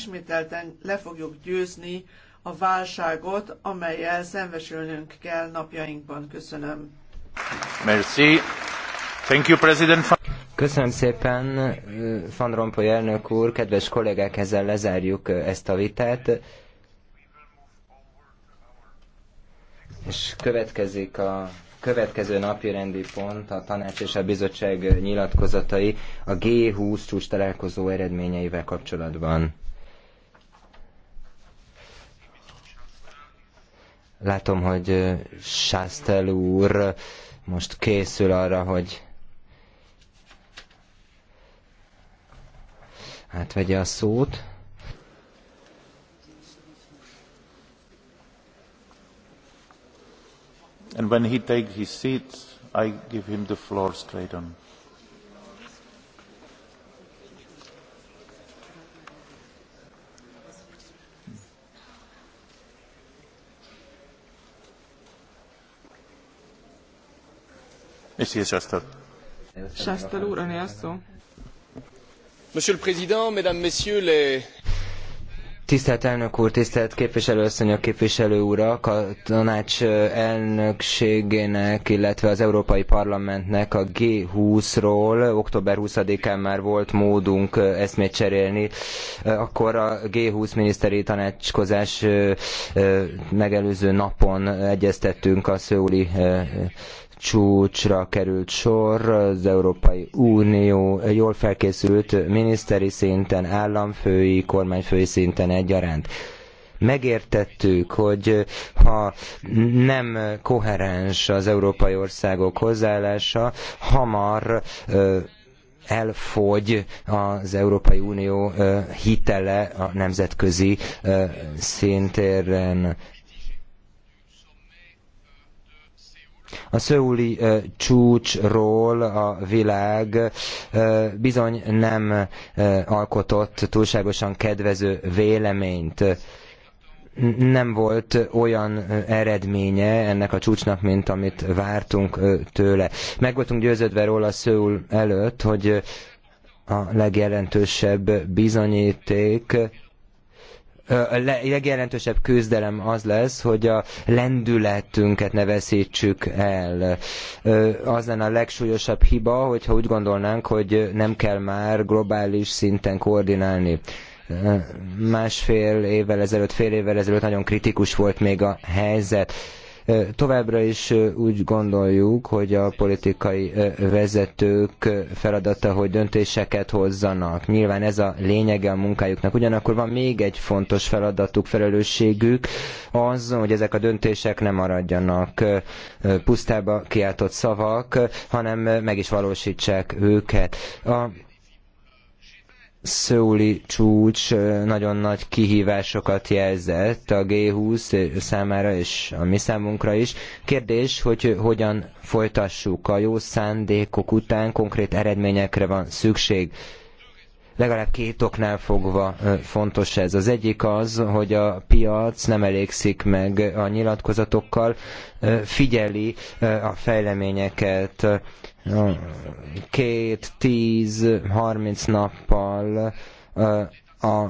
ismételten le fogjuk győzni a válságot, amelyel szembesülnünk kell napjainkban. Köszönöm. Merci. Thank you, President. Köszönöm szépen, Van Rompuy elnök úr, kedves kollégák, ezzel lezárjuk ezt a vitát. És következik a következő napi rendi pont a tanács és a bizottság nyilatkozatai a G20 csúcs találkozó eredményeivel kapcsolatban. Látom, hogy Sásztel úr most készül arra, hogy átvegye a szót. And when he takes his seat, I give him the floor straight on. Sester úr, a Monsieur le Président, Mesdames, Messieurs Tisztelt elnök úr, tisztelt képviselőasszonyok, képviselő urak, a tanács elnökségének, illetve az Európai Parlamentnek a G20-ról október 20-án már volt módunk eszmét cserélni. Akkor a G20 miniszteri tanácskozás megelőző napon egyeztettünk a szőuli csúcsra került sor, az Európai Unió jól felkészült miniszteri szinten, államfői, kormányfői szinten egyaránt megértettük, hogy ha nem koherens az európai országok hozzáállása, hamar elfogy az Európai Unió hitele a nemzetközi szintéren. A szöuli csúcsról a világ bizony nem alkotott túlságosan kedvező véleményt nem volt olyan eredménye ennek a csúcsnak, mint amit vártunk tőle. Meg voltunk győződve róla Szöul előtt, hogy a legjelentősebb bizonyíték a legjelentősebb küzdelem az lesz, hogy a lendületünket ne veszítsük el. Az lenne a legsúlyosabb hiba, hogyha úgy gondolnánk, hogy nem kell már globális szinten koordinálni másfél évvel ezelőtt, fél évvel ezelőtt nagyon kritikus volt még a helyzet. Továbbra is úgy gondoljuk, hogy a politikai vezetők feladata, hogy döntéseket hozzanak. Nyilván ez a lényege a munkájuknak. Ugyanakkor van még egy fontos feladatuk, felelősségük, az, hogy ezek a döntések nem maradjanak pusztába kiáltott szavak, hanem meg is valósítsák őket. A Szóli csúcs nagyon nagy kihívásokat jelzett a G20 számára és a mi számunkra is. Kérdés, hogy hogyan folytassuk a jó szándékok után konkrét eredményekre van szükség. Legalább két oknál fogva fontos ez. Az egyik az, hogy a piac nem elégszik meg a nyilatkozatokkal, figyeli a fejleményeket két, tíz, harminc nappal a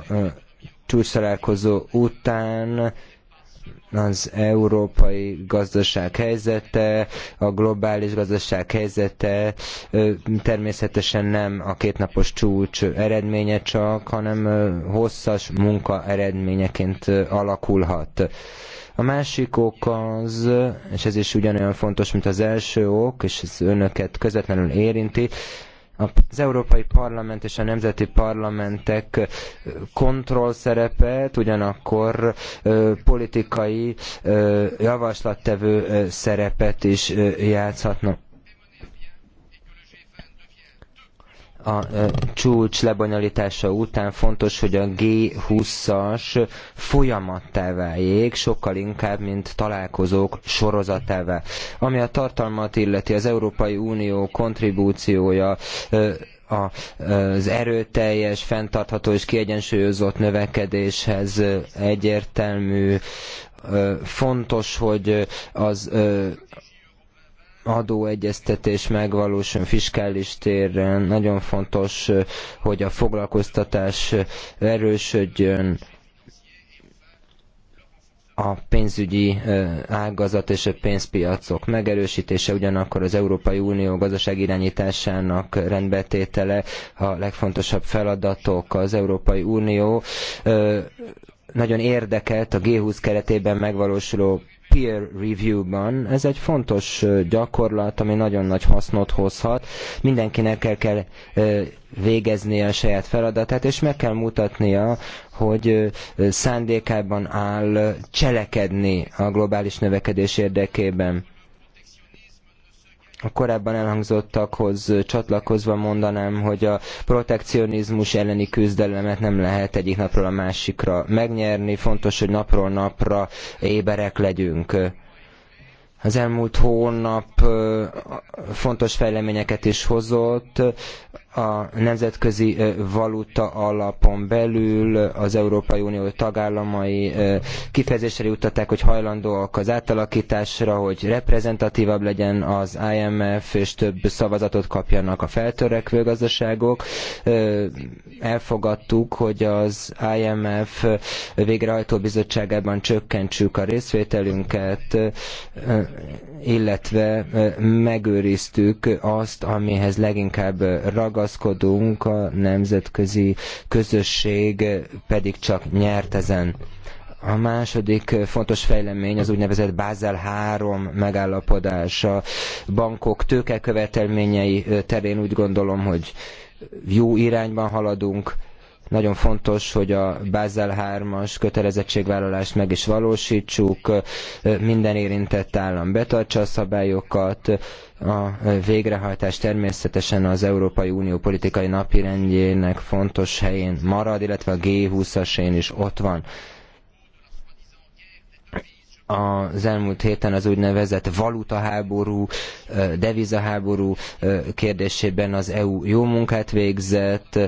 csúcstalálkozó után az európai gazdaság helyzete, a globális gazdaság helyzete természetesen nem a kétnapos csúcs eredménye csak, hanem hosszas munka eredményeként alakulhat. A másik ok az, és ez is ugyanolyan fontos, mint az első ok, és ez önöket közvetlenül érinti, az Európai Parlament és a nemzeti parlamentek kontroll szerepet, ugyanakkor politikai javaslattevő szerepet is játszhatnak. a e, csúcs lebonyolítása után fontos, hogy a G20-as folyamattá váljék, sokkal inkább, mint találkozók sorozatává. Ami a tartalmat illeti, az Európai Unió kontribúciója e, az erőteljes, fenntartható és kiegyensúlyozott növekedéshez egyértelmű, e, fontos, hogy az adóegyeztetés megvalósul fiskális téren. Nagyon fontos, hogy a foglalkoztatás erősödjön, a pénzügyi ágazat és a pénzpiacok megerősítése, ugyanakkor az Európai Unió gazdaságirányításának rendbetétele a legfontosabb feladatok. Az Európai Unió nagyon érdekelt a G20 keretében megvalósuló peer review-ban. Ez egy fontos gyakorlat, ami nagyon nagy hasznot hozhat. Mindenkinek el kell végeznie a saját feladatát, és meg kell mutatnia, hogy szándékában áll cselekedni a globális növekedés érdekében a korábban elhangzottakhoz csatlakozva mondanám, hogy a protekcionizmus elleni küzdelemet nem lehet egyik napról a másikra megnyerni, fontos, hogy napról napra éberek legyünk. Az elmúlt hónap fontos fejleményeket is hozott, a nemzetközi valuta alapon belül az Európai Unió tagállamai kifejezésre juttatták, hogy hajlandóak az átalakításra, hogy reprezentatívabb legyen az IMF, és több szavazatot kapjanak a feltörekvő gazdaságok. Elfogadtuk, hogy az IMF végrehajtó bizottságában csökkentsük a részvételünket, illetve megőriztük azt, amihez leginkább ragaszkodunk, a nemzetközi közösség pedig csak nyert ezen. A második fontos fejlemény az úgynevezett Bázel 3 megállapodása. Bankok tőkekövetelményei terén úgy gondolom, hogy jó irányban haladunk, nagyon fontos, hogy a Basel 3-as kötelezettségvállalást meg is valósítsuk, minden érintett állam betartsa a szabályokat, a végrehajtás természetesen az Európai Unió politikai napirendjének fontos helyén marad, illetve a G20-asén is ott van az elmúlt héten az úgynevezett valutaháború, devizaháború kérdésében az EU jó munkát végzett,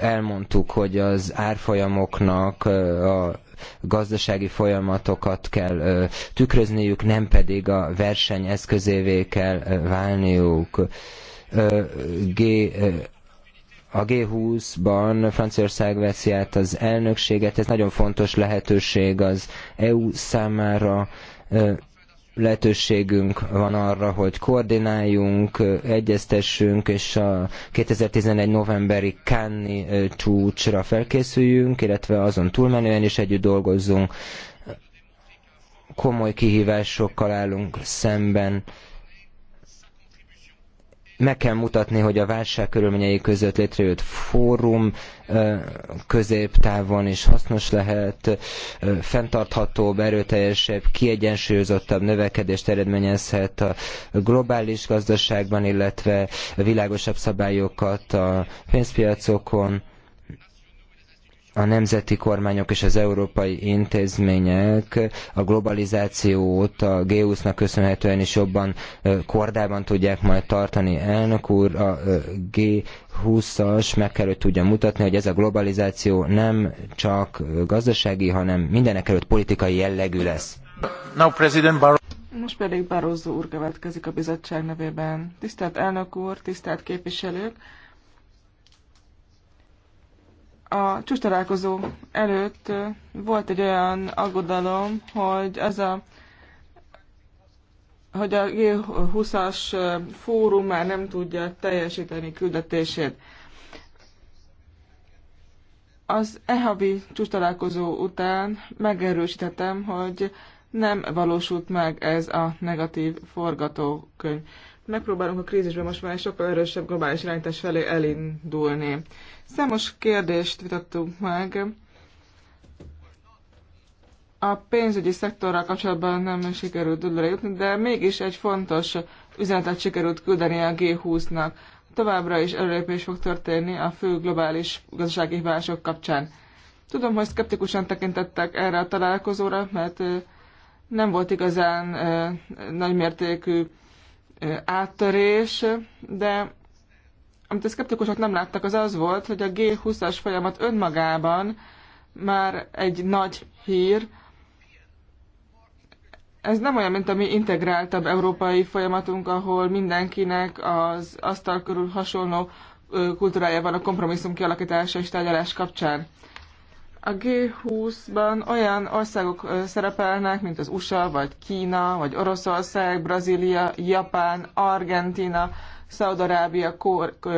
elmondtuk, hogy az árfolyamoknak a gazdasági folyamatokat kell tükrözniük, nem pedig a verseny eszközévé kell válniuk. G a G20-ban Franciaország veszi át az elnökséget, ez nagyon fontos lehetőség az EU számára, lehetőségünk van arra, hogy koordináljunk, egyeztessünk, és a 2011 novemberi Kanni csúcsra felkészüljünk, illetve azon túlmenően is együtt dolgozzunk. Komoly kihívásokkal állunk szemben meg kell mutatni, hogy a válság körülményei között létrejött fórum középtávon is hasznos lehet, fenntarthatóbb, erőteljesebb, kiegyensúlyozottabb növekedést eredményezhet a globális gazdaságban, illetve világosabb szabályokat a pénzpiacokon a nemzeti kormányok és az európai intézmények a globalizációt a G20-nak köszönhetően is jobban kordában tudják majd tartani. Elnök úr, a G20-as meg kell, hogy tudja mutatni, hogy ez a globalizáció nem csak gazdasági, hanem mindenek előtt politikai jellegű lesz. Now, President Bar- most pedig Barroso úr következik a bizottság nevében. Tisztelt elnök úr, tisztelt képviselők! a csúcstalálkozó előtt volt egy olyan aggodalom, hogy ez a hogy a G20-as fórum már nem tudja teljesíteni küldetését. Az EHABI csúcstalálkozó után megerősítettem, hogy nem valósult meg ez a negatív forgatókönyv megpróbálunk a krízisben most már egy sokkal erősebb globális irányítás felé elindulni. Számos kérdést vitattunk meg. A pénzügyi szektorral kapcsolatban nem sikerült dőlőre jutni, de mégis egy fontos üzenetet sikerült küldeni a G20-nak. Továbbra is előrépés fog történni a fő globális gazdasági hívások kapcsán. Tudom, hogy szkeptikusan tekintettek erre a találkozóra, mert nem volt igazán nagymértékű áttörés, de amit a szkeptikusok nem láttak, az az volt, hogy a G20-as folyamat önmagában már egy nagy hír. Ez nem olyan, mint a mi integráltabb európai folyamatunk, ahol mindenkinek az asztal körül hasonló kultúrája van a kompromisszum kialakítása és tárgyalás kapcsán. A G20-ban olyan országok szerepelnek, mint az USA, vagy Kína, vagy Oroszország, Brazília, Japán, Argentina, Szaudarábia,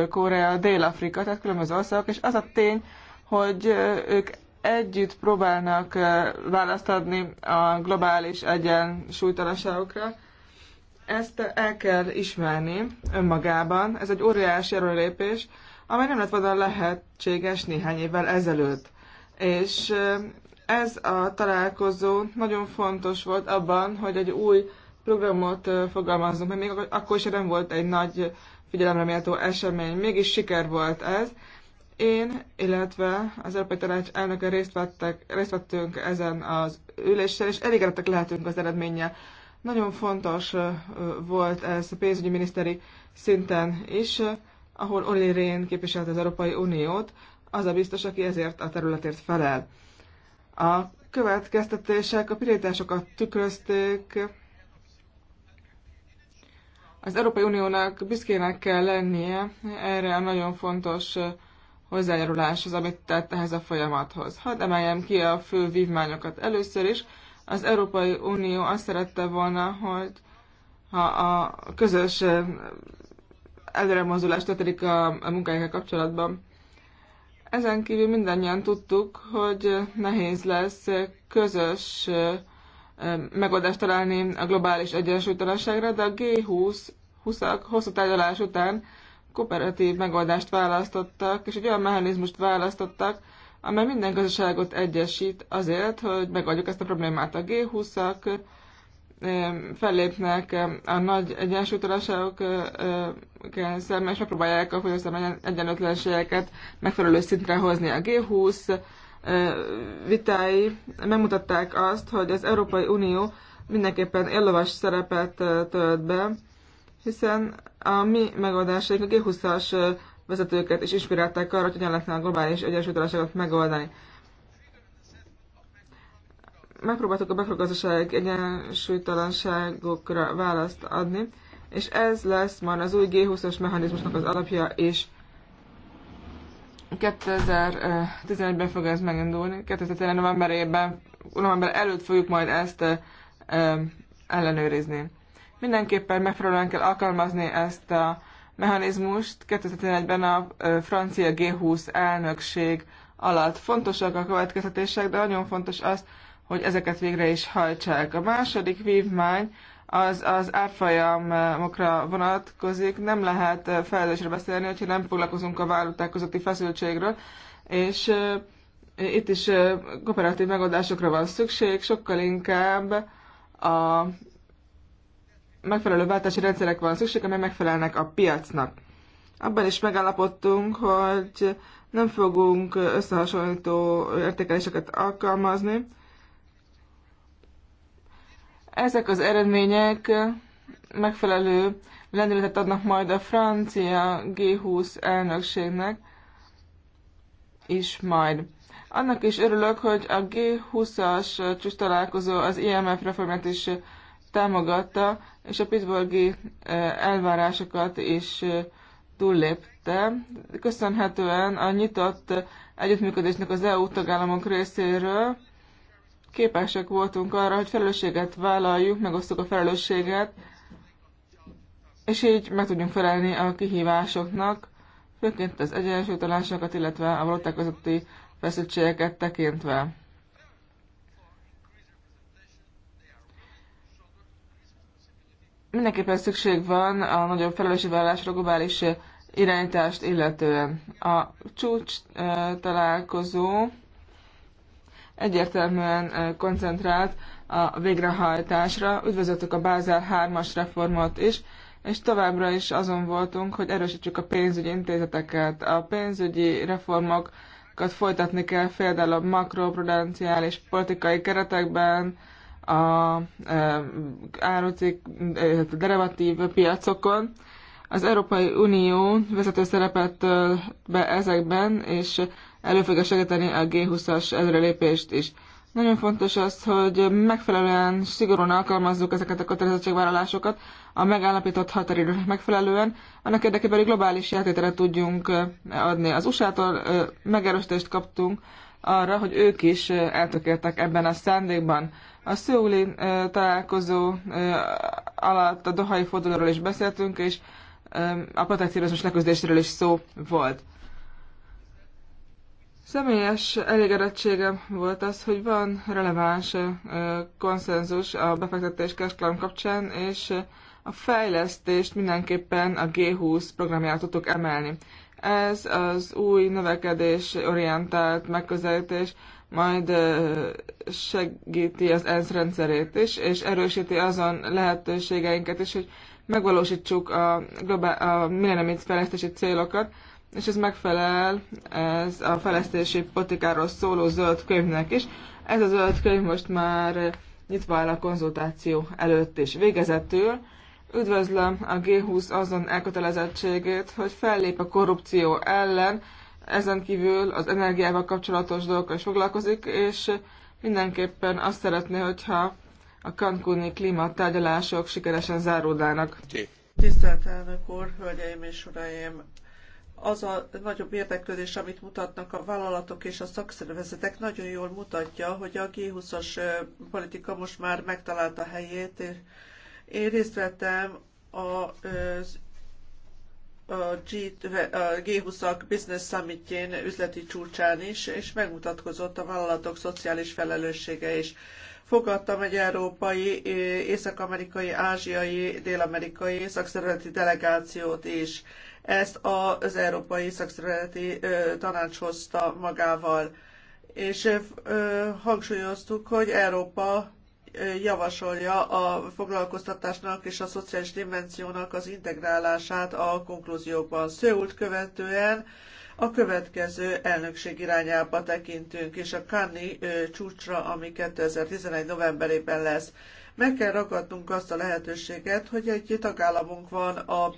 Korea, Dél-Afrika, tehát különböző országok, és az a tény, hogy ők együtt próbálnak választ adni a globális egyensúlytalanságokra. Ezt el kell ismerni önmagában. Ez egy óriási erőlépés, amely nem lett volna lehetséges néhány évvel ezelőtt. És ez a találkozó nagyon fontos volt abban, hogy egy új programot fogalmazunk, mert még akkor is nem volt egy nagy figyelemre méltó esemény. Mégis siker volt ez. Én, illetve az Európai Tanács elnöke részt, vettek, részt vettünk ezen az ülésen, és elégedettek lehetünk az eredménye. Nagyon fontos volt ez pénzügyi miniszteri szinten is, ahol Oli Rén képviselte az Európai Uniót, az a biztos, aki ezért a területért felel. A következtetések a pirításokat tükrözték. Az Európai Uniónak büszkének kell lennie erre a nagyon fontos hozzájáruláshoz, amit tett ehhez a folyamathoz. Hadd emeljem ki a fő vívmányokat először is. Az Európai Unió azt szerette volna, hogy ha a közös előremozdulás történik a munkahelyekkel kapcsolatban, ezen kívül mindannyian tudtuk, hogy nehéz lesz közös megoldást találni a globális egyensúlytalanságra, de a G20 20-ak hosszú tárgyalás után kooperatív megoldást választottak, és egy olyan mechanizmust választottak, amely minden gazdaságot egyesít azért, hogy megoldjuk ezt a problémát. A G20-ak fellépnek a nagy egyensúlytalanságok szemben, és megpróbálják a fogyasztalmi egyenlőtlenségeket megfelelő szintre hozni. A G20 vitái megmutatták azt, hogy az Európai Unió mindenképpen élovas szerepet tölt be, hiszen a mi megoldásaink a G20-as vezetőket is inspirálták arra, hogy hogyan lehetne a globális egyensúlytalanságot megoldani megpróbáltuk a makrogazdaság egyensúlytalanságokra választ adni, és ez lesz már az új G20-as mechanizmusnak az alapja, és 2011-ben fog ez megindulni, 2011 novemberében, november előtt fogjuk majd ezt ellenőrizni. Mindenképpen megfelelően kell alkalmazni ezt a mechanizmust. 2011-ben a francia G20 elnökség alatt fontosak a következtetések, de nagyon fontos az, hogy ezeket végre is hajtsák. A második vívmány az az árfolyamokra vonatkozik, nem lehet felelősre beszélni, hogyha nem foglalkozunk a valuták közötti feszültségről, és itt is kooperatív megoldásokra van szükség, sokkal inkább a megfelelő váltási rendszerek van szükség, amely megfelelnek a piacnak. Abban is megállapodtunk, hogy nem fogunk összehasonlító értékeléseket alkalmazni, ezek az eredmények megfelelő lendületet adnak majd a francia G20 elnökségnek is majd. Annak is örülök, hogy a G20-as csúcs találkozó az IMF reformját is támogatta, és a Pittsburghi elvárásokat is túllépte. Köszönhetően a nyitott együttműködésnek az EU tagállamok részéről, képesek voltunk arra, hogy felelősséget vállaljuk, megosztuk a felelősséget, és így meg tudjunk felelni a kihívásoknak, főként az egyensúlytalanságokat, illetve a valóták közötti feszültségeket tekintve. Mindenképpen szükség van a nagyobb felelősségvállalásra globális irányítást illetően. A csúcs találkozó egyértelműen koncentrált a végrehajtásra. Üdvözöltük a Bázel 3-as reformot is, és továbbra is azon voltunk, hogy erősítsük a pénzügyi intézeteket. A pénzügyi reformokat folytatni kell például a makroprudenciális politikai keretekben, a e, árucik, e, derivatív piacokon. Az Európai Unió vezető szerepet tölt be ezekben, és elő fogja segíteni a G20-as előrelépést is. Nagyon fontos az, hogy megfelelően szigorúan alkalmazzuk ezeket a kötelezettségvállalásokat a megállapított határidőnek megfelelően, annak érdekében hogy globális játéteret tudjunk adni. Az USA-tól megerősítést kaptunk arra, hogy ők is eltökéltek ebben a szándékban. A szőuli találkozó alatt a dohai fordulóról is beszéltünk, és a protekcionizmus leküzdésről is szó volt. Személyes elégedettségem volt az, hogy van releváns konszenzus a befektetés kereskedelem kapcsán, és a fejlesztést mindenképpen a G20 programjára tudtuk emelni. Ez az új növekedés orientált megközelítés majd segíti az ENSZ rendszerét is, és erősíti azon lehetőségeinket is, hogy megvalósítsuk a, globál, a millenniumi fejlesztési célokat, és ez megfelel ez a fejlesztési politikáról szóló zöld könyvnek is. Ez a zöld könyv most már nyitva áll a konzultáció előtt is. Végezetül üdvözlöm a G20 azon elkötelezettségét, hogy fellép a korrupció ellen, ezen kívül az energiával kapcsolatos dolgokkal is foglalkozik, és mindenképpen azt szeretné, hogyha a Cancuni klímatárgyalások sikeresen záródnának. Tisztelt elnök úr, hölgyeim és uraim! az a nagyobb érdeklődés, amit mutatnak a vállalatok és a szakszervezetek, nagyon jól mutatja, hogy a G20-as politika most már megtalálta helyét. Én részt vettem a G20-ak Business Summitjén, üzleti csúcsán is, és megmutatkozott a vállalatok szociális felelőssége is fogadtam egy európai, észak-amerikai, ázsiai, dél-amerikai szakszervezeti delegációt is. Ezt az Európai Szakszervezeti Tanács hozta magával. És hangsúlyoztuk, hogy Európa javasolja a foglalkoztatásnak és a szociális dimenziónak az integrálását a konklúziókban. Szőult követően a következő elnökség irányába tekintünk, és a Cannes csúcsra, ami 2011. novemberében lesz meg kell ragadnunk azt a lehetőséget, hogy egy tagállamunk van a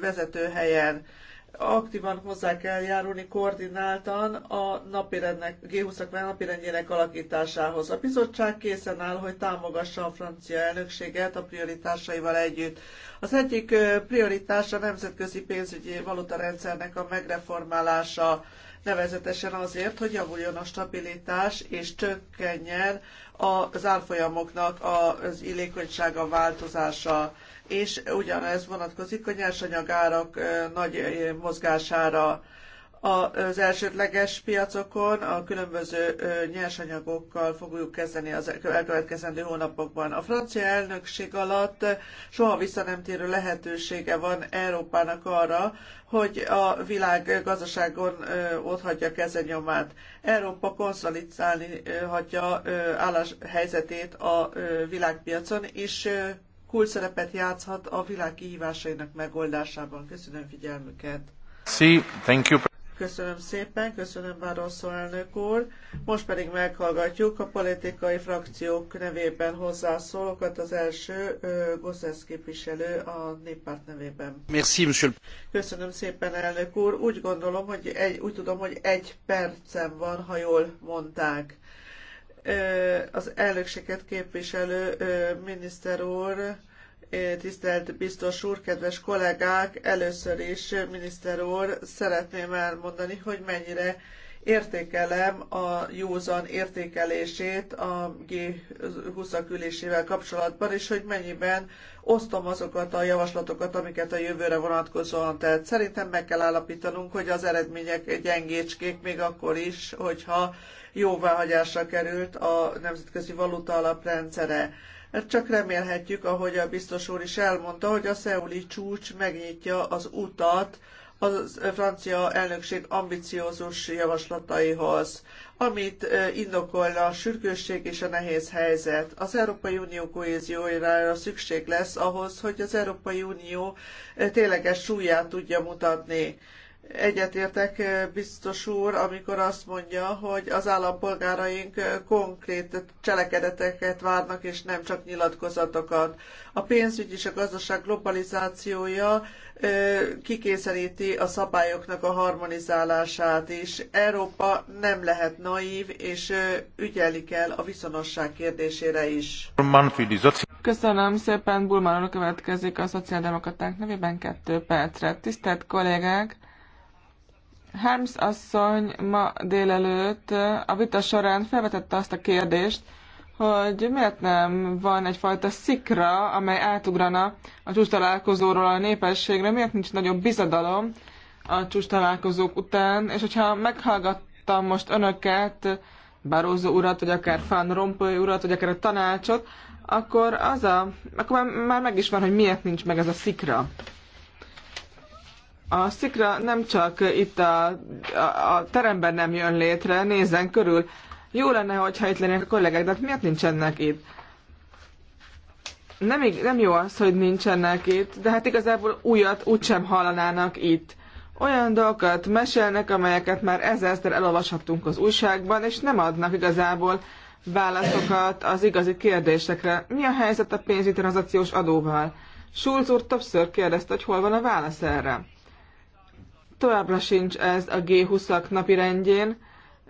vezető helyen aktívan hozzá kell járulni koordináltan a napirendnek, G20-ak napirendjének alakításához. A bizottság készen áll, hogy támogassa a francia elnökséget a prioritásaival együtt. Az egyik prioritás a nemzetközi pénzügyi valutarendszernek a megreformálása, nevezetesen azért, hogy javuljon a stabilitás és csökkenjen az árfolyamoknak az illékonysága változása és ugyanez vonatkozik a nyersanyagárak nagy mozgására. Az elsődleges piacokon a különböző nyersanyagokkal fogjuk kezdeni az elkövetkezendő hónapokban. A francia elnökség alatt soha vissza nem térő lehetősége van Európának arra, hogy a világ gazdaságon otthagyja kezenyomát. Európa konszolidálni hagyja álláshelyzetét helyzetét a világpiacon, és kulcsszerepet játszhat a világ kihívásainak megoldásában. Köszönöm figyelmüket! Sí, thank you. Köszönöm szépen, köszönöm Barroso elnök úr. Most pedig meghallgatjuk a politikai frakciók nevében hozzászólókat. Az első Gosszesz képviselő a néppárt nevében. Merci, monsieur. Köszönöm szépen, elnök úr. Úgy gondolom, hogy egy, úgy tudom, hogy egy percem van, ha jól mondták az elnökséget képviselő miniszter úr, tisztelt biztos úr, kedves kollégák, először is, miniszter úr, szeretném elmondani, hogy mennyire értékelem a józan értékelését a G20 ülésével kapcsolatban, és hogy mennyiben osztom azokat a javaslatokat, amiket a jövőre vonatkozóan tett. Szerintem meg kell állapítanunk, hogy az eredmények gyengécskék még akkor is, hogyha jóváhagyásra került a Nemzetközi Valuta Alaprendszere. Csak remélhetjük, ahogy a biztos úr is elmondta, hogy a szeuli csúcs megnyitja az utat az francia elnökség ambiciózus javaslataihoz, amit indokolna a sürgősség és a nehéz helyzet. Az Európai Unió kohéziójára szükség lesz ahhoz, hogy az Európai Unió tényleges súlyát tudja mutatni. Egyetértek eh, biztos úr, amikor azt mondja, hogy az állampolgáraink eh, konkrét cselekedeteket várnak, és nem csak nyilatkozatokat. A pénzügy és a gazdaság globalizációja eh, kikényszeríti a szabályoknak a harmonizálását is. Európa nem lehet naív, és ügyelni kell a viszonosság kérdésére is. Köszönöm szépen, Bulman következik a szociáldemokraták nevében kettő percre. Tisztelt kollégák! Harms asszony ma délelőtt a vita során felvetette azt a kérdést, hogy miért nem van egyfajta szikra, amely átugrana a csúcs a népességre, miért nincs nagyobb bizadalom a csúcs találkozók után, és hogyha meghallgattam most önöket, Barózó urat, vagy akár Fan Rompuy urat, vagy akár a tanácsot, akkor az a, akkor már, már meg is van, hogy miért nincs meg ez a szikra. A szikra nem csak itt a, a, a teremben nem jön létre, nézzen körül. Jó lenne, hogyha itt lennének a kollégák, de hát miért nincsenek itt? Nem, nem jó az, hogy nincsenek itt, de hát igazából újat úgysem hallanának itt. Olyan dolgokat mesélnek, amelyeket már ezerszer elolvashattunk az újságban, és nem adnak igazából válaszokat az igazi kérdésekre. Mi a helyzet a pénzügyi adóval? Schulz úr többször kérdezte, hogy hol van a válasz erre. Továbbra sincs ez a G20-ak napirendjén,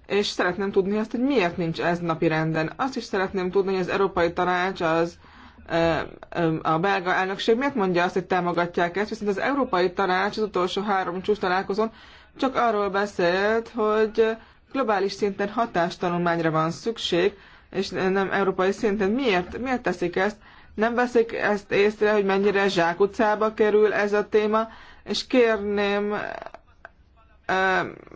és szeretném tudni azt, hogy miért nincs ez napirenden. Azt is szeretném tudni, hogy az Európai Tanács az a belga elnökség miért mondja azt, hogy támogatják ezt, viszont az Európai Tanács az utolsó három csúcs találkozón csak arról beszélt, hogy globális szinten hatástanulmányra van szükség, és nem európai szinten. Miért, miért teszik ezt? Nem veszik ezt észre, hogy mennyire zsákutcába kerül ez a téma, és kérném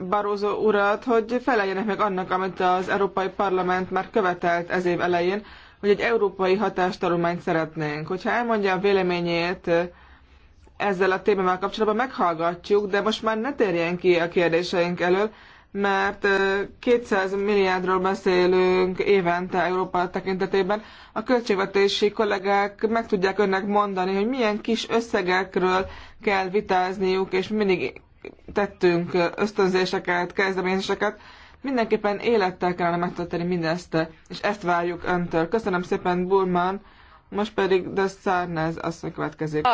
Barózó urat, hogy feleljenek meg annak, amit az Európai Parlament már követelt ez év elején, hogy egy európai hatástanulmányt szeretnénk. Hogyha elmondja a véleményét ezzel a témával kapcsolatban, meghallgatjuk, de most már ne térjen ki a kérdéseink elől, mert 200 milliárdról beszélünk évente Európa tekintetében. A költségvetési kollégák meg tudják önnek mondani, hogy milyen kis összegekről kell vitázniuk, és mindig tettünk ösztönzéseket, kezdeményezéseket, mindenképpen élettel kellene megtartani mindezt, és ezt várjuk öntől. Köszönöm szépen, Burman, most pedig de azt asszony következik.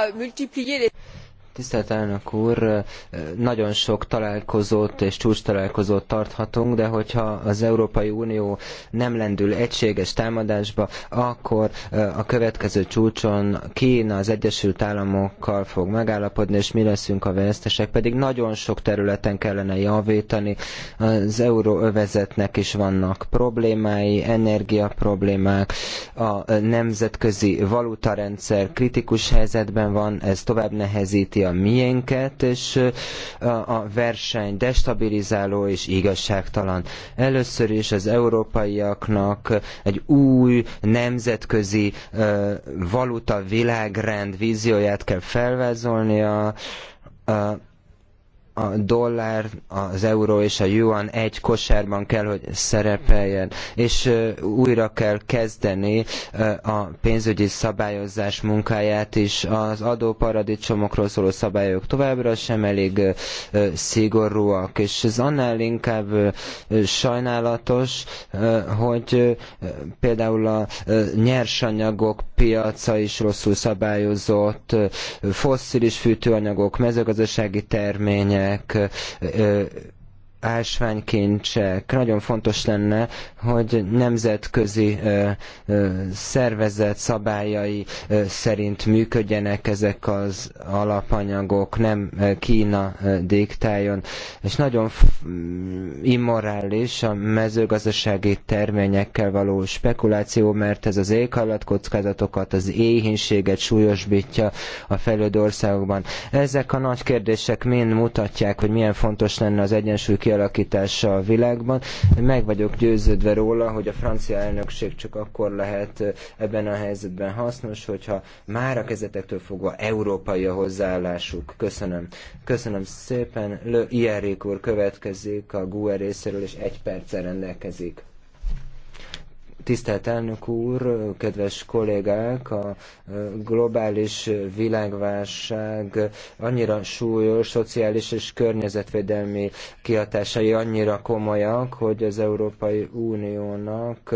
Tisztelt elnök úr, nagyon sok találkozót és csúcs találkozót tarthatunk, de hogyha az Európai Unió nem lendül egységes támadásba, akkor a következő csúcson Kína az Egyesült Államokkal fog megállapodni, és mi leszünk a vesztesek, pedig nagyon sok területen kellene javítani. Az euróövezetnek is vannak problémái, energiaproblémák, a nemzetközi valutarendszer kritikus helyzetben van, ez tovább nehezíti a miénket, és a verseny destabilizáló és igazságtalan. Először is az európaiaknak egy új nemzetközi valuta világrend vízióját kell felvázolnia, a dollár, az euró és a yuan egy kosárban kell, hogy szerepeljen, és újra kell kezdeni a pénzügyi szabályozás munkáját is. Az adóparadicsomokról szóló szabályok továbbra sem elég szigorúak, és ez annál inkább sajnálatos, hogy például a nyersanyagok piaca is rosszul szabályozott, fosszilis fűtőanyagok, mezőgazdasági termények, amelyek ásványkincsek. Nagyon fontos lenne, hogy nemzetközi szervezet szabályai szerint működjenek ezek az alapanyagok, nem Kína diktáljon. És nagyon mm, immorális a mezőgazdasági terményekkel való spekuláció, mert ez az kockázatokat, az éhínséget súlyosbítja a fejlődő országokban. Ezek a nagy kérdések mind mutatják, hogy milyen fontos lenne az egyensúly kialakítása a világban. Meg vagyok győződve róla, hogy a francia elnökség csak akkor lehet ebben a helyzetben hasznos, hogyha már a kezetektől fogva európai a hozzáállásuk. Köszönöm. Köszönöm szépen. Le Ierik úr következik a GUE részéről, és egy perccel rendelkezik. Tisztelt elnök úr, kedves kollégák, a globális világválság annyira súlyos, szociális és környezetvédelmi kihatásai annyira komolyak, hogy az Európai Uniónak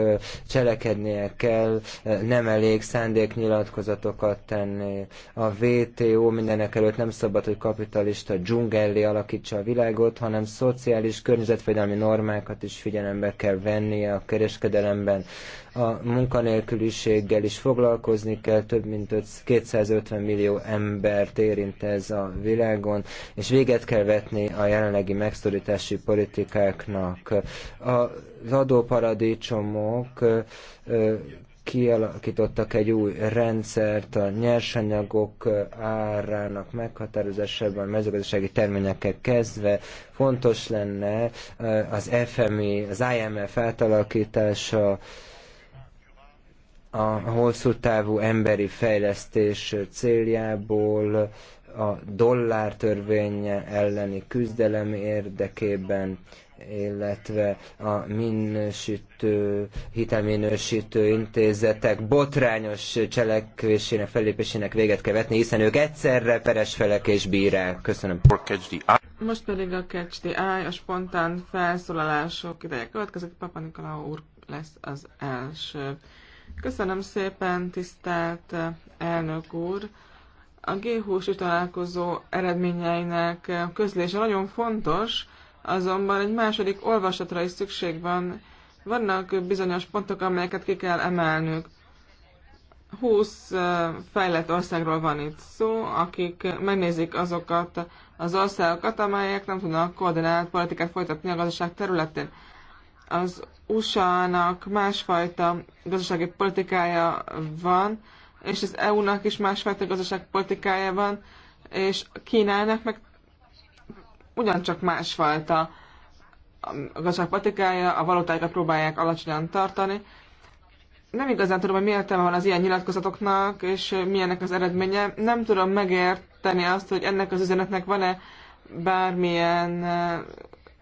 cselekednie kell, nem elég szándéknyilatkozatokat tenni. A WTO mindenek előtt nem szabad, hogy kapitalista dzsungelli alakítsa a világot, hanem szociális környezetvédelmi normákat is figyelembe kell vennie a kereskedelemben a munkanélküliséggel is foglalkozni kell, több mint 250 millió embert érint ez a világon, és véget kell vetni a jelenlegi megszorítási politikáknak. Az adóparadicsomok kialakítottak egy új rendszert a nyersanyagok árának meghatározásában, mezőgazdasági terményekkel kezdve. Fontos lenne eh, az FMI, az IMF átalakítása, a hosszú távú emberi fejlesztés céljából, a dollártörvény elleni küzdelem érdekében illetve a minősítő, hitelminősítő intézetek botrányos cselekvésének, fellépésének véget kell vetni, hiszen ők egyszerre peres felek és bírák. Köszönöm. Most pedig a Catch the Eye, a spontán felszólalások ideje következik. Papa Nikolau úr lesz az első. Köszönöm szépen, tisztelt elnök úr! A G20 találkozó eredményeinek közlése nagyon fontos, azonban egy második olvasatra is szükség van. Vannak bizonyos pontok, amelyeket ki kell emelnünk. 20 fejlett országról van itt szó, akik megnézik azokat az országokat, amelyek nem tudnak koordinált politikát folytatni a gazdaság területén. Az USA-nak másfajta gazdasági politikája van, és az EU-nak is másfajta gazdaságpolitikája van, és Kínának meg ugyancsak másfajta um, a gazdaságpolitikája, a valutáikat próbálják alacsonyan tartani. Nem igazán tudom, hogy mi értelme van az ilyen nyilatkozatoknak, és milyennek az eredménye. Nem tudom megérteni azt, hogy ennek az üzenetnek van-e bármilyen uh,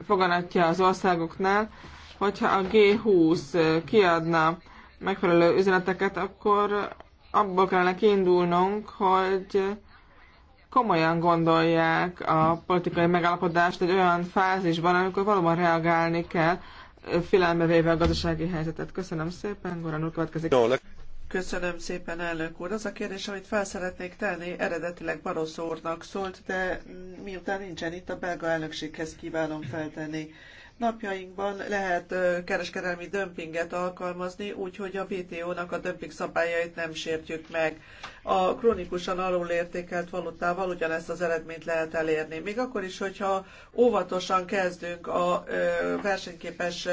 foganatja az országoknál, hogyha a G20 uh, kiadna megfelelő üzeneteket, akkor abból kellene kiindulnunk, hogy komolyan gondolják a politikai megállapodást egy olyan fázisban, amikor valóban reagálni kell, figyelembe véve a gazdasági helyzetet. Köszönöm szépen, Goran úr következik. Köszönöm szépen, elnök úr. Az a kérdés, amit fel szeretnék tenni, eredetileg Barosz úrnak szólt, de miután nincsen itt, a belga elnökséghez kívánom feltenni. Napjainkban lehet kereskedelmi dömpinget alkalmazni, úgyhogy a WTO-nak a dömping szabályait nem sértjük meg. A krónikusan alulértékelt valutával ugyanezt az eredményt lehet elérni. Még akkor is, hogyha óvatosan kezdünk a versenyképes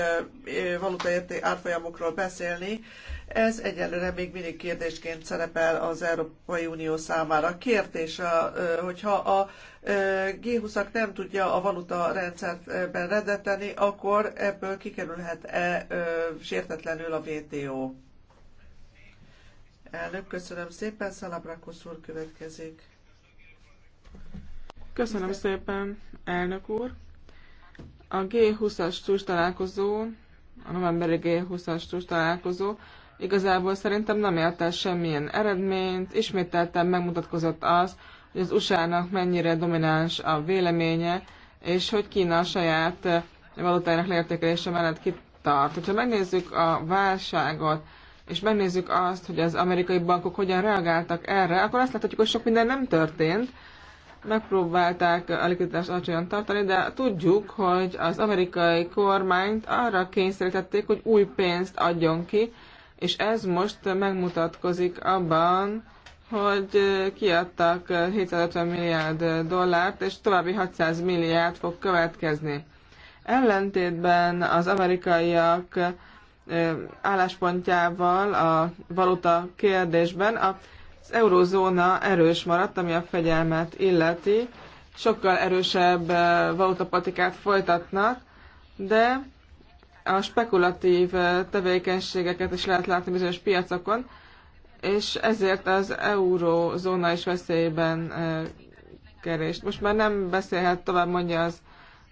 valuta árfolyamokról beszélni, ez egyelőre még mindig kérdésként szerepel az Európai Unió számára. Kérdés, hogyha a G20-ak nem tudja a valuta rendszert beredeteni, akkor ebből kikerülhet-e sértetlenül a WTO? Elnök, köszönöm szépen, Szalabrakosz úr következik. Köszönöm szépen, elnök úr. A G20-as csúcs találkozó, a novemberi G20-as csúcs találkozó Igazából szerintem nem ért el semmilyen eredményt, ismételten megmutatkozott az, hogy az USA-nak mennyire domináns a véleménye, és hogy Kína a saját eh, valutájának leértékelése mellett kitart. Hogyha megnézzük a válságot, és megnézzük azt, hogy az amerikai bankok hogyan reagáltak erre, akkor azt láthatjuk, hogy sok minden nem történt. Megpróbálták a likviditást alacsonyan tartani, de tudjuk, hogy az amerikai kormányt arra kényszerítették, hogy új pénzt adjon ki, és ez most megmutatkozik abban, hogy kiadtak 750 milliárd dollárt, és további 600 milliárd fog következni. Ellentétben az amerikaiak álláspontjával a valuta kérdésben az eurozóna erős maradt, ami a fegyelmet illeti, sokkal erősebb valutapatikát folytatnak, de a spekulatív tevékenységeket is lehet látni bizonyos piacokon, és ezért az eurózóna is veszélyben kerést. Most már nem beszélhet tovább, mondja az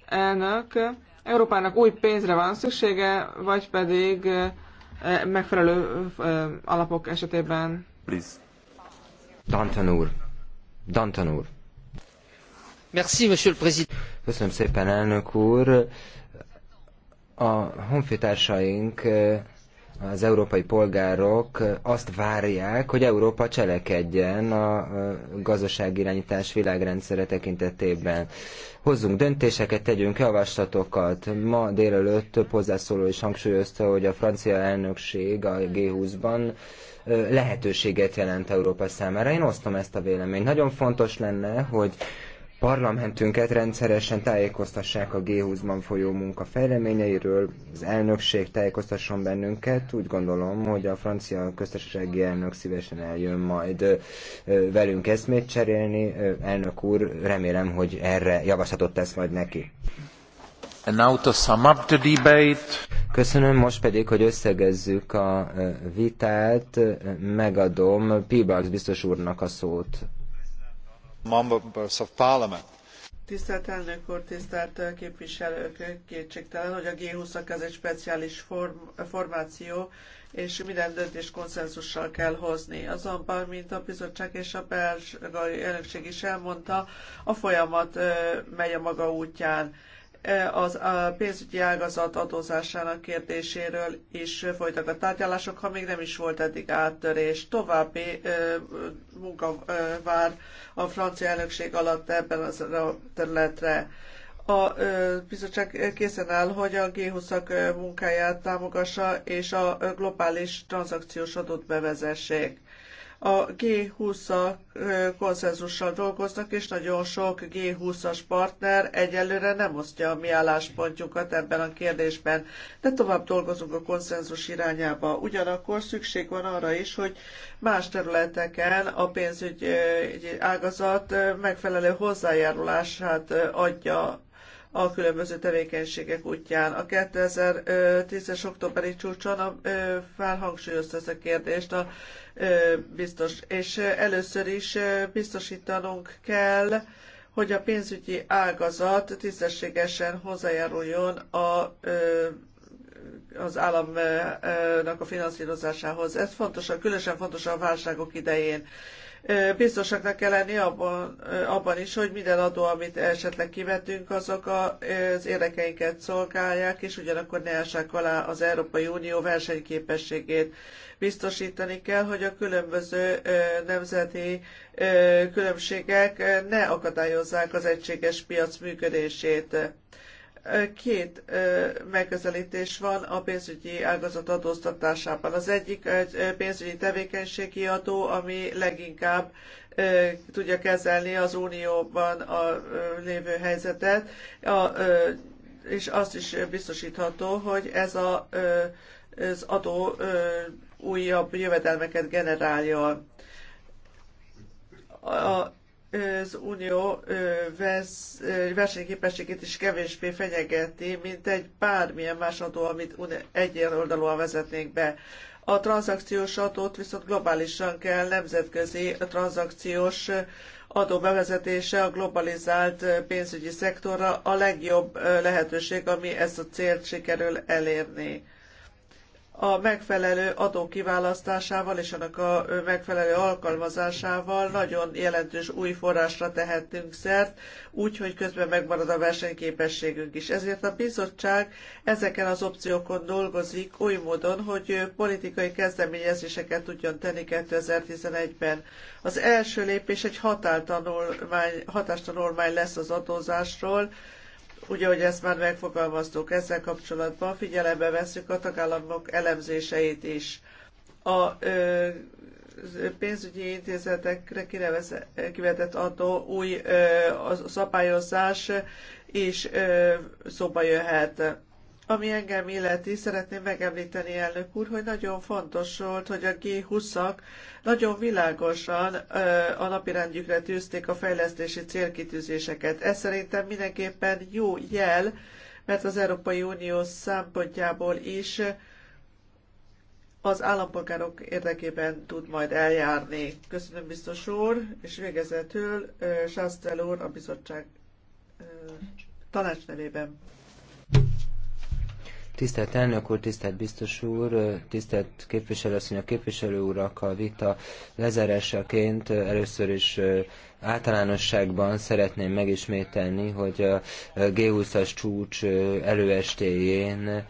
elnök. Európának új pénzre van szüksége, vagy pedig megfelelő alapok esetében. Please. Dantan úr. Dantan úr. Merci, monsieur le président. Köszönöm szépen, elnök úr a honfitársaink, az európai polgárok azt várják, hogy Európa cselekedjen a gazdaságirányítás világrendszere tekintetében. Hozzunk döntéseket, tegyünk javaslatokat. Ma délelőtt több hozzászóló is hangsúlyozta, hogy a francia elnökség a G20-ban lehetőséget jelent Európa számára. Én osztom ezt a véleményt. Nagyon fontos lenne, hogy parlamentünket rendszeresen tájékoztassák a G20-ban folyó munka fejleményeiről, az elnökség tájékoztasson bennünket. Úgy gondolom, hogy a francia köztársasági elnök szívesen eljön majd velünk eszmét cserélni. Elnök úr, remélem, hogy erre javaslatot tesz majd neki. And now to sum up the debate. Köszönöm, most pedig, hogy összegezzük a vitát, megadom Pibax biztos úrnak a szót. Tisztelt elnök úr, tisztelt képviselők, kétségtelen, hogy a g 20 ez egy speciális form, formáció, és minden döntés konszenzussal kell hozni. Azonban, mint a bizottság és a belgai elnökség is elmondta, a folyamat megy a maga útján E, az a pénzügyi ágazat adózásának kérdéséről is folytak a tárgyalások, ha még nem is volt eddig áttörés. További ö, e, munka ö, e, vár a francia elnökség alatt ebben az a területre. A ö, bizottság készen áll, hogy a G20-ak munkáját támogassa, és a globális tranzakciós adót bevezessék a G20-a konszenzussal dolgoznak, és nagyon sok G20-as partner egyelőre nem osztja a mi álláspontjukat ebben a kérdésben, de tovább dolgozunk a konszenzus irányába. Ugyanakkor szükség van arra is, hogy más területeken a pénzügyi ágazat megfelelő hozzájárulását adja a különböző tevékenységek útján. A 2010-es októberi csúcson a, felhangsúlyozta ezt a kérdést a biztos, és először is biztosítanunk kell, hogy a pénzügyi ágazat tisztességesen hozzájáruljon a az államnak a finanszírozásához. Ez fontos, különösen fontos a válságok idején biztosaknak kell lenni abban, abban is, hogy minden adó, amit esetleg kivetünk, azok az érdekeinket szolgálják, és ugyanakkor ne ássák alá az Európai Unió versenyképességét. Biztosítani kell, hogy a különböző nemzeti különbségek ne akadályozzák az egységes piac működését Két megközelítés van a pénzügyi ágazat adóztatásában. Az egyik egy pénzügyi tevékenységi adó, ami leginkább tudja kezelni az unióban a lévő helyzetet, a, és azt is biztosítható, hogy ez a, az adó újabb jövedelmeket generálja. A, az unió versenyképességét is kevésbé fenyegeti, mint egy bármilyen más adó, amit egyen oldalúan vezetnénk be. A tranzakciós adót viszont globálisan kell nemzetközi tranzakciós adó bevezetése a globalizált pénzügyi szektorra a legjobb lehetőség, ami ezt a célt sikerül elérni a megfelelő adó kiválasztásával és annak a megfelelő alkalmazásával nagyon jelentős új forrásra tehetünk szert, úgy, hogy közben megmarad a versenyképességünk is. Ezért a bizottság ezeken az opciókon dolgozik oly módon, hogy politikai kezdeményezéseket tudjon tenni 2011-ben. Az első lépés egy hatástanulmány lesz az adózásról, úgy, ahogy ezt már megfogalmaztuk, ezzel kapcsolatban figyelembe veszük a tagállamok elemzéseit is. A ö, pénzügyi intézetekre kivetett adó új ö, szabályozás is ö, szóba jöhet ami engem illeti, szeretném megemlíteni, elnök úr, hogy nagyon fontos volt, hogy a G20-ak nagyon világosan a napirendjükre tűzték a fejlesztési célkitűzéseket. Ez szerintem mindenképpen jó jel, mert az Európai Unió szempontjából is az állampolgárok érdekében tud majd eljárni. Köszönöm biztos úr, és végezetül Sásztel úr a bizottság tanács nevében. Tisztelt elnök úr, tisztelt biztos úr, tisztelt a képviselő urak, a vita lezárásaként először is általánosságban szeretném megismételni, hogy a G20-as csúcs előestéjén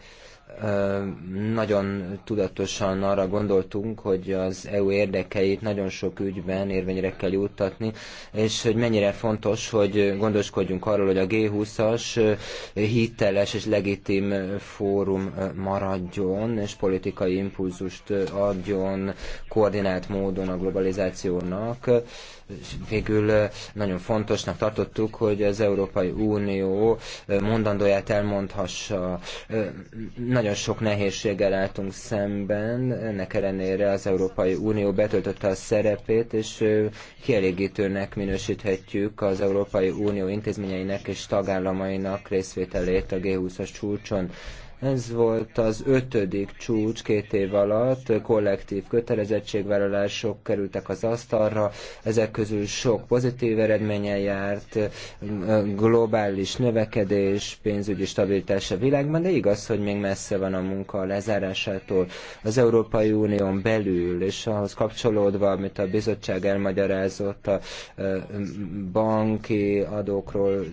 nagyon tudatosan arra gondoltunk, hogy az EU érdekeit nagyon sok ügyben érvényre kell juttatni, és hogy mennyire fontos, hogy gondoskodjunk arról, hogy a G20-as hiteles és legitim fórum maradjon, és politikai impulzust adjon koordinált módon a globalizációnak végül nagyon fontosnak tartottuk, hogy az Európai Unió mondandóját elmondhassa. Nagyon sok nehézséggel álltunk szemben, ennek ellenére az Európai Unió betöltötte a szerepét, és kielégítőnek minősíthetjük az Európai Unió intézményeinek és tagállamainak részvételét a G20-as csúcson. Ez volt az ötödik csúcs két év alatt, kollektív kötelezettségvállalások kerültek az asztalra, ezek közül sok pozitív eredménye járt, globális növekedés, pénzügyi stabilitás a világban, de igaz, hogy még messze van a munka a lezárásától az Európai Unión belül, és ahhoz kapcsolódva, amit a bizottság elmagyarázott a banki adókról,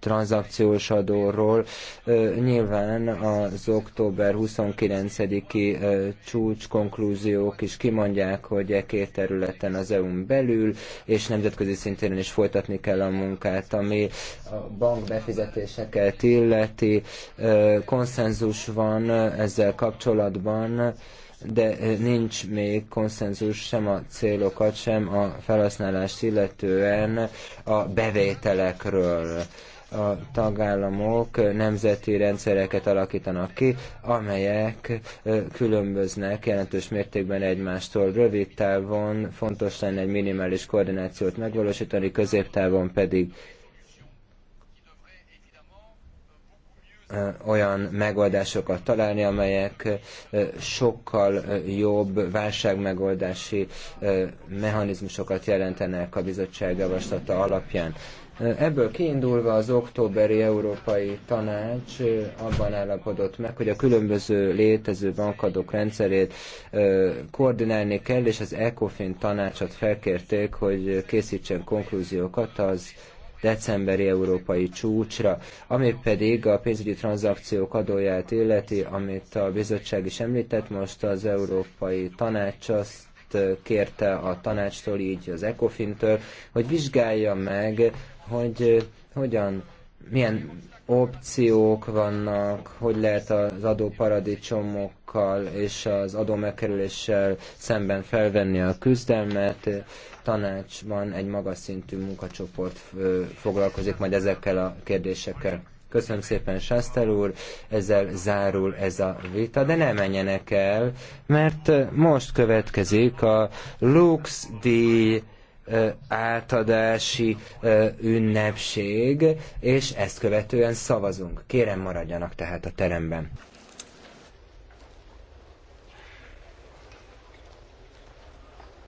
tranzakciós adóról. Nyilván az október 29-i csúcs konklúziók is kimondják, hogy e két területen az EU-n belül és nemzetközi szintén is folytatni kell a munkát, ami a bank befizetéseket illeti. Konszenzus van ezzel kapcsolatban de nincs még konszenzus sem a célokat, sem a felhasználást illetően a bevételekről a tagállamok nemzeti rendszereket alakítanak ki, amelyek különböznek jelentős mértékben egymástól. Rövid távon fontos lenne egy minimális koordinációt megvalósítani, középtávon pedig olyan megoldásokat találni, amelyek sokkal jobb válságmegoldási mechanizmusokat jelentenek a bizottság javaslata alapján. Ebből kiindulva az októberi Európai Tanács abban állapodott meg, hogy a különböző létező bankadók rendszerét koordinálni kell, és az ECOFIN tanácsot felkérték, hogy készítsen konklúziókat az decemberi európai csúcsra, ami pedig a pénzügyi tranzakciók adóját illeti, amit a bizottság is említett, most az Európai Tanács azt kérte a tanácstól, így az ECOFIN-től, hogy vizsgálja meg hogy hogyan, milyen opciók vannak, hogy lehet az adóparadicsomokkal és az adómegkerüléssel szemben felvenni a küzdelmet. Tanácsban egy magas szintű munkacsoport foglalkozik majd ezekkel a kérdésekkel. Köszönöm szépen, Sászter úr, ezzel zárul ez a vita, de ne menjenek el, mert most következik a Lux díj átadási ünnepség, és ezt követően szavazunk. Kérem maradjanak tehát a teremben.